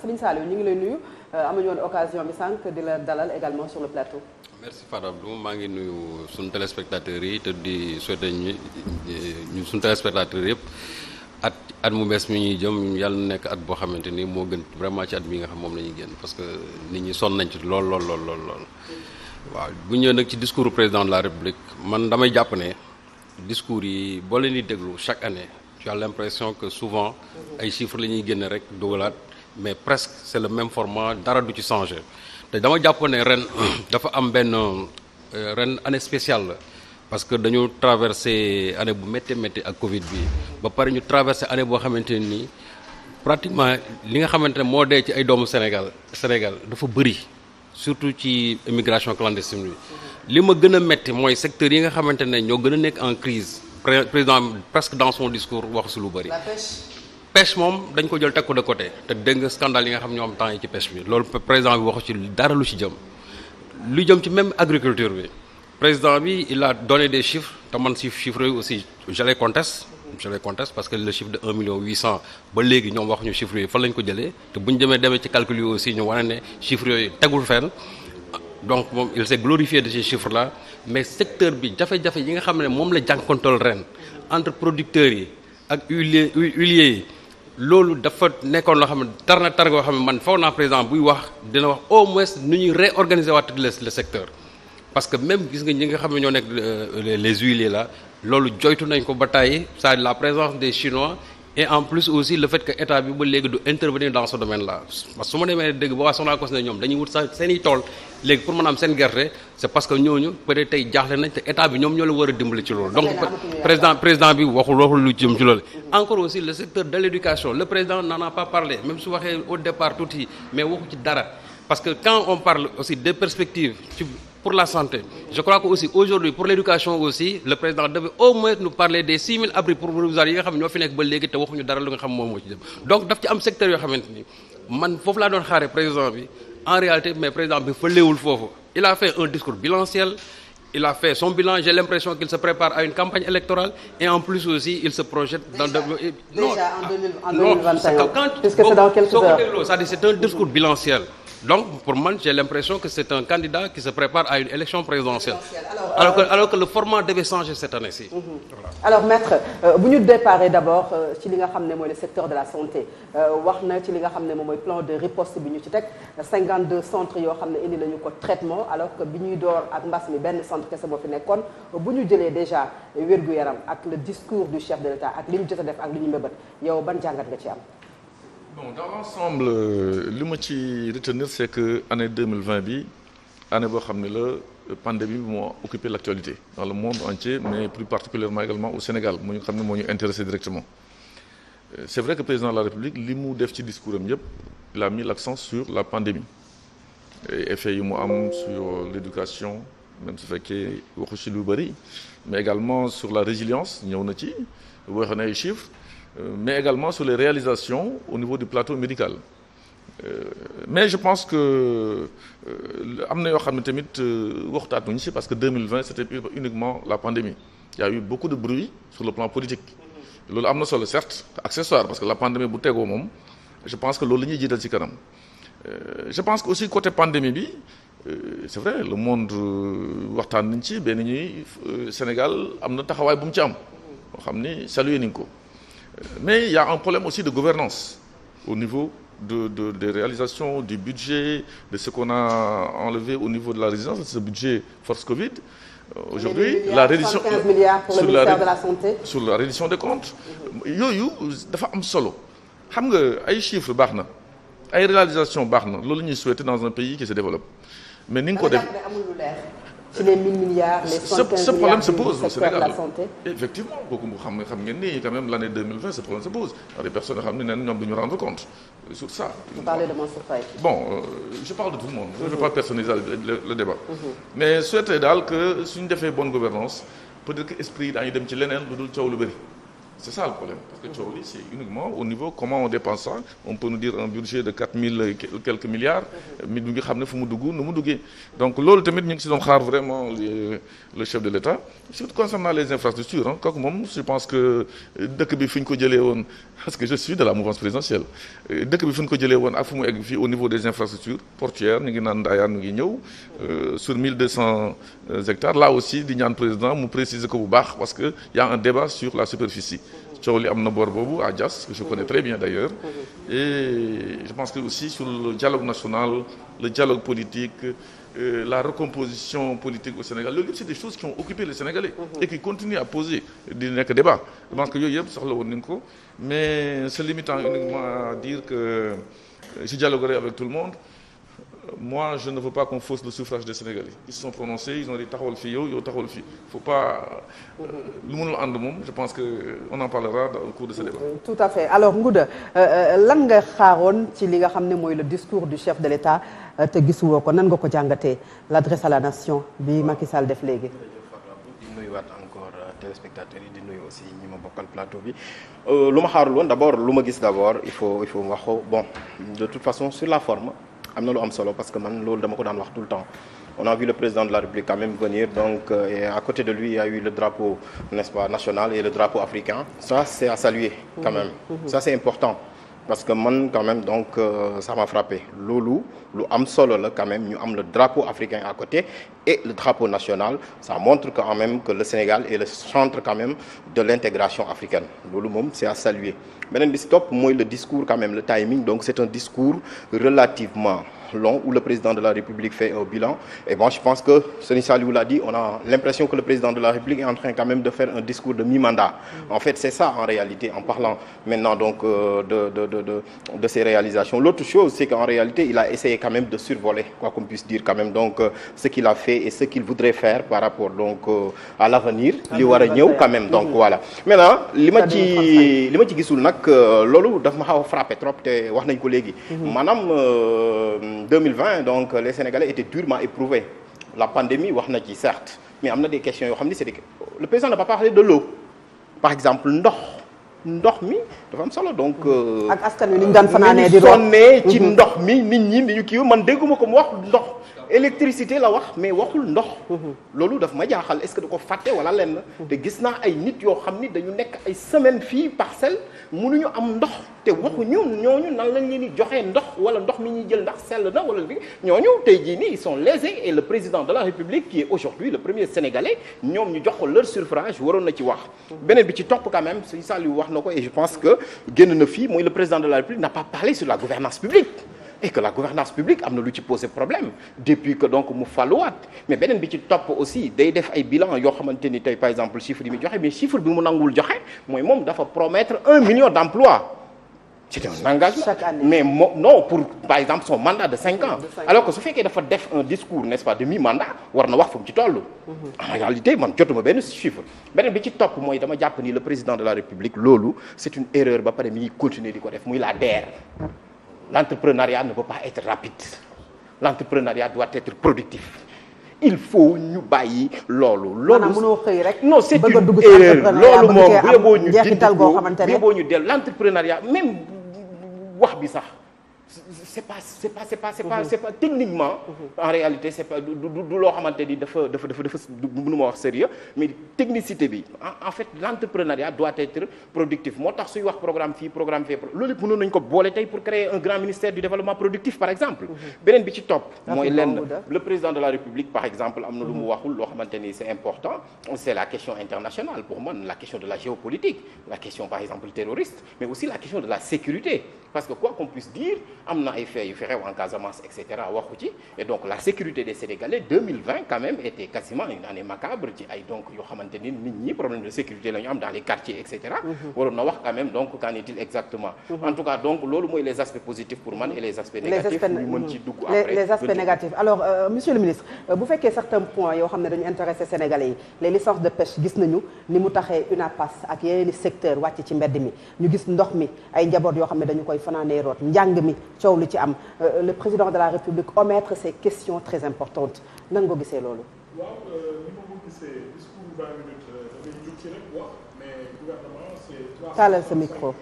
Serigne Saliou ñu ngi lay nuyu euh, amuñu woon occasion bi sànq di la dalal également sur le plateau. merci Fatou Abdou maa ngi nuyu suñu téléspectateurs yi te di souhaiter ñu ñu yëpp. at at mu bees mi ñuy jëm yàlla na nekk at boo xamante ni moo gën vraiment ci at mi nga xam moom la ñuy génn parce que nit ñi sonn nañ ci lool lool lool waaw bu ñëwee nag ci discours président de la république man damay jàpp ne discours yi boo leen di déglu chaque année tu as souvent ay chiffres la ñuy génne rek dugalaat mais presque c'est le même format dara du ci changé te dama jàpp ne ren dafa am benn euh, ren année spéciale la parce que dañu traversé année bu métti métti ak Covid bi ba pare ñu traversé année boo xamante nii pratiquement li nga xamante ne moo dee ci ay doomu Sénégal Sénégal dafa bëri surtout ci immigration clandestine bi li ma gën a métti mooy secteur yi nga xamante ne ñoo gën a nekk en crise président presque dans son discours wax si lu bëri pêche moom dañ ko jël teg ko de côté te dégg scandale yi nga xam ñoo temps yi ci pêche bi loolu président bi waxu ci dara lu ci jëm lu jëm ci même agriculture bi président bi il a donné des chiffres te man si chiffres yi aussi je les conteste je les conteste parce que le chiffre de 1 million 800 ba léegi ñoom waxuñu chiffres yi fan lañ ko jëlee te bu ñu demee demee ci calcul yi aussi ñu wane ne chiffres yooyu tegul fenn donc moom il s'est glorifié de ces chiffres là mais secteur yi nga xam ne moom la jànkontol ren entre producteurs yi ak huiliers yi loolu dafa nekkoon loo xam ne tar na tar goo xam ne man foog naa président buy wax dina wax au moins nu ñuy réorganiser waat le le secteur parce que même gis nga ñi nga xam ne ñoo nekk euh, les huiliers la loolu joytu nañ ko ba tàyyi ça la présence des chinois et en plus aussi le fait que état bi ba léegi du intervenir dans ce domaine là su ma demee dëgg ba waa soxlaa ko si ne ñoom dañuy wut sax seen i tool léegi pour mën a am seen gerte c'est parce que ñooñu peut être tey jaaxle nañ te état bi ñoom ñoo la war a dimbali ci loolu donc président président bi waxul waxul lu jëm ci loolu encore aussi le secteur de l'éducation le président n'en a pas parlé même su waxee au départ tuuti mais waxu ci dara parce que quand on parle aussi des pour la santé je crois que aussi aujourd'hui pour l'éducation aussi le président devait au moins nous parler des abris provisoires yi nga xam ne ñoo fi te waxuñu dara lu nga xam moom ci dem donc daf ci am secteur yoo xamante ni man foofu laa doon xaare président bi en réalité mais président bi fa léewul foofu il a fait un discours bilanciel il a fait son bilan j'ai l'impression qu'il se prépare à une campagne électorale et en plus donc pour man j'ai l'impression que c'est un candidat qui se prépare à une élection présidentielle alors, que le format devait changer cette année mhm. alors maître euh, bu ñu déparé d'abord euh, ci li nga xam ne mooy le secteur de la santé euh, wax na ci li nga xam ne moom mooy plan de riposte bi ñu ci teg 52 centres yoo xam ne indi nañu ko traitement alors que bi ñuy door ak mbas mi benn centre kese moo fi nekkoon bu ñu jëlee déjà wér-gu-yaram ak le discours du chef de l'État ak li ñu jot def ak li ñu mbébét yow ban jàngat nga ci am bon dans l'ensemble li ma ci retenir c'est que année 2020 bi année boo xam ne la pandémie bi moo occupé l'actualité dans le monde entier mais plus particulièrement également au Sénégal moo ñu xam ne moo ñu intéressé directement euh, c'est vrai que président de la République li mu def ci discours am yëpp il a mis l'accent sur la pandémie et effet yi mu am sur l'éducation même su fekkee waxu ci lu bari mais également sur la résilience ñëw na ci wax na ay chiffres Euh, mais également sur les réalisations au niveau du plateau médical euh, mais je pense que euh, am na yoo xam ne tamit waxtaatuñu ci parce que 2020 c'était uniquement la pandémie il y a eu beaucoup de bruit sur le plan politique loolu am na solo certes accessoire parce que la pandémie bu tegoo moom je pense que loolu la ñuy jiital ci kanam je pense que aussi côté pandémie bi c'est vrai le monde waxtaan nañ ci benn ñuy Sénégal am na taxawaay bu mu ci am boo xam ni nañ ko Mais il y a un problème aussi de gouvernance au niveau de, de, des réalisations, du budget, de ce qu'on a enlevé au niveau de la résidence, de ce budget force Covid. Euh, Aujourd'hui, la réduction la, de des comptes. yooyu dafa am solo xam nga ay chiffres baax na ay réalisations baax na loolu ñuy souhaiter dans un pays qui se développe mais ni nga ko def. ci ce problème se pose au Sénégal la santé effectivement kooku mu xam xam ni quand même l'année 2020 problème se pose alors des personnes xam ne neen ñoom du ñu rendre compte sur ça. bon euh, je parle de tout le monde. je ne veux mhm. pas personnaliser le débat. Mhm. mais souhaiter daal que suñu defee bonne gouvernance peut-être que esprit yi dem ci leneen lu dul coow lu bëri. c'est ça le problème parce que coow li c'est uniquement au niveau comment on dépense ça on peut nous dire un budget de quatre mille quelques milliards mi du ngi xam ne fu mu dugg nu mu duggee donc loolu tamit ñu ngi si doon xaar vraiment le chef de l'État surtout concernant les infrastructures ah kooku moom je pense que euh, dëkk bi fi ko jëlee woon parce que je suis de la mouvance présidentielle euh, dëkk bi fi ñu ko jëlee woon ak fu mu egg fii au niveau des infrastructures ngi naan ngi euh, sur mille deux cent hectares là aussi di ñaan mu préciser ko bu baax parce que y a un débat sur coow li am na boor boobu à Diass que je connais très bien d'ailleurs mhm. et je pense que aussi sur le dialogue national le dialogue politique euh, la recomposition politique au Sénégal loolu yëpp c'est des choses qui ont occupé les Sénégalais mhm. et qui continuent à poser di nekk débat je pense que yooyu yëpp soxla woon nañ ko mais se limitant uniquement à dire que je dialoguerai avec tout le monde moi je ne veux pas qu'on fausse le suffrage des Sénégalais ils se sont prononcés ils ont dit taxawal fii yow yow taxawal fii faut pas euh, lu mënul ànd moom je pense que on en parlera au cours de ce tout à fait alors Ngouda euh, euh, lan nga xaaroon ci li nga xam ne mooy le discours du chef de l'État te gisuwoo ko nan nga ko jàngatee l'adresse à la nation bi Macky def léegi téléspectateurs yi di nuyu aussi ma bokkal plateau bi lu ma xaar loon d'abord lu ma gis d'abord il faut il faut mu wax ko bon de toute façon sur la forme am na lu am solo parce que man loolu dama ko daan wax tout le temps on a vu le président de la République quand même venir donc euh, et à côté de lui il y a eu le drapeau n'est-ce pas national et le drapeau africain ça c'est à saluer quand mhm. même mhm. ça c'est important parce que man quand donc euh, ça m'a frappé loolu lu am solo la quand même ñu am le drapeau africain à côté et le drapeau national ça montre quand même que le Sénégal est le centre quand de l'intégration africaine loolu moom c'est à saluer beneen bi si topp mooy le discours quand même le timing donc c'est un discours relativement long où le président de la République fait un bilan. Et je pense que Seni Saliou l'a dit, on a l'impression que le président de la République est en train quand même de faire un discours de mi-mandat. En fait, c'est ça en réalité, en parlant euh, de, de, réalisations. L'autre chose, c'est qu'en réalité, il a essayé quand même de survoler, quoi qu'on puisse dire quand même, euh, ce qu'il a fait et ce qu'il voudrait faire par rapport donc euh, à l'avenir. Ah, li war a ñëw quand mm-hmm. 2020 donc les Sénégalais étaient durement éprouvés la pandémie wax na ci certes mais am na des questions yoo xam ni c'est des le président n'a pas parlé de l'eau par exemple ndox ndox mi dafa am solo donc. Euh, ak askan wi ni daan fanaanee di sonnee ci mhm. ndox mi nit ñi ni ñu kii man dégguma ko mu wax ndox. électricité la wax mais waxul ndox. Mhm. loolu daf ma jaaxal est-ce que da ko fàtte wala lenn. Mhm. te gis naa ay nit yoo xam ni dañu nekk ay semaine fii parcelle ñu am ndox. te waxuñu ñooñu nan lañ leen di joxee ndox wala ndox mi ñuy jël ndax sell na wala li ñooñu tey jii nii ils sont lésés et le président de la république qui est aujourd'hui le premier sénégalais ñoom jox ko leur suffrage waroon na ci wax. beneen bi ci topp quand même si Saliou wax na ko et je pense que génn na fii mooy le président de la république n'a pas parlé sur la gouvernance publique. et que la gouvernance publique am na lu ci posé prob depuis que donc mu fàlluwaat bi ci topp aussi day def ay bilan yoo xamante ni tey par exemple chiffre yi mu joxe mais chiffre bi mu mooy moom dafa promettre un million d'emplois c'est un engagement mais moom non pour par exemple son mandat de cinq ans alors que su fekkee dafa def un discours n'est-ce pas de mi-mandat war na wax fu ci toll mhm. en réalité man jotuma benn chiffre beneen bi ci topp mooy dama jàpp ni le président de la République loolu c'est une erreur ba pare mi ngi continuer di ko def muy la DER ne peut pas être rapide l'entrepreneuriat doit être productif il faut ñu bàyyi loolu. loolu mënoo xëy rek. non c'est une erreur loolu ñu. dindi ko bu yeboo ñu wax bi sax c'est pas c'est pas mhm. techniquement mhm. en réalité c'est pas du du loo xamante ni dafa dafa dafa dafa bi en fait l'entrepreneuriat doit être productif moo tax wax programme fii programme fee loolu pour créer un grand ministère du développement productif par exemple mhm. beneen bi ci le président de la République par exemple am na lu mu waxul loo xamante ni c'est important c'est la question internationale pour man la question de la géopolitique la question par exemple terroriste mais aussi la question am na ay faits yu fi xew en Casamance et cetera waxu ci et donc la sécurité des Sénégalais 2020 était quasiment une année macabre ci ay donc yoo xamante ni nit ñi problème de sécurité la ñu am dans les quartiers et cetera. Mhm. waroon na wax quand même donc qu'en est-il exactement. Mhm. en tout cas donc loolu mooy les aspects positifs pour man et les aspects négatifs. ñu mën ci dugg après les aspects négatifs alors euh, monsieur le ministre euh, bu fekkee certains points yoo xam ne dañu intéressé Sénégalais yi les licences de pêche gis i ndox mi ay njaboot yoo xam ne dañu koy fanaanee root njàng mi. coow li ci am euh, le président de la République omettre ces questions très importantes nan nga gisee loolu. waaw euh, ni ma ko gisee discours 20 minutes euh, dafay jug ci rek wax mais gouvernement c'est. taalal sa micro.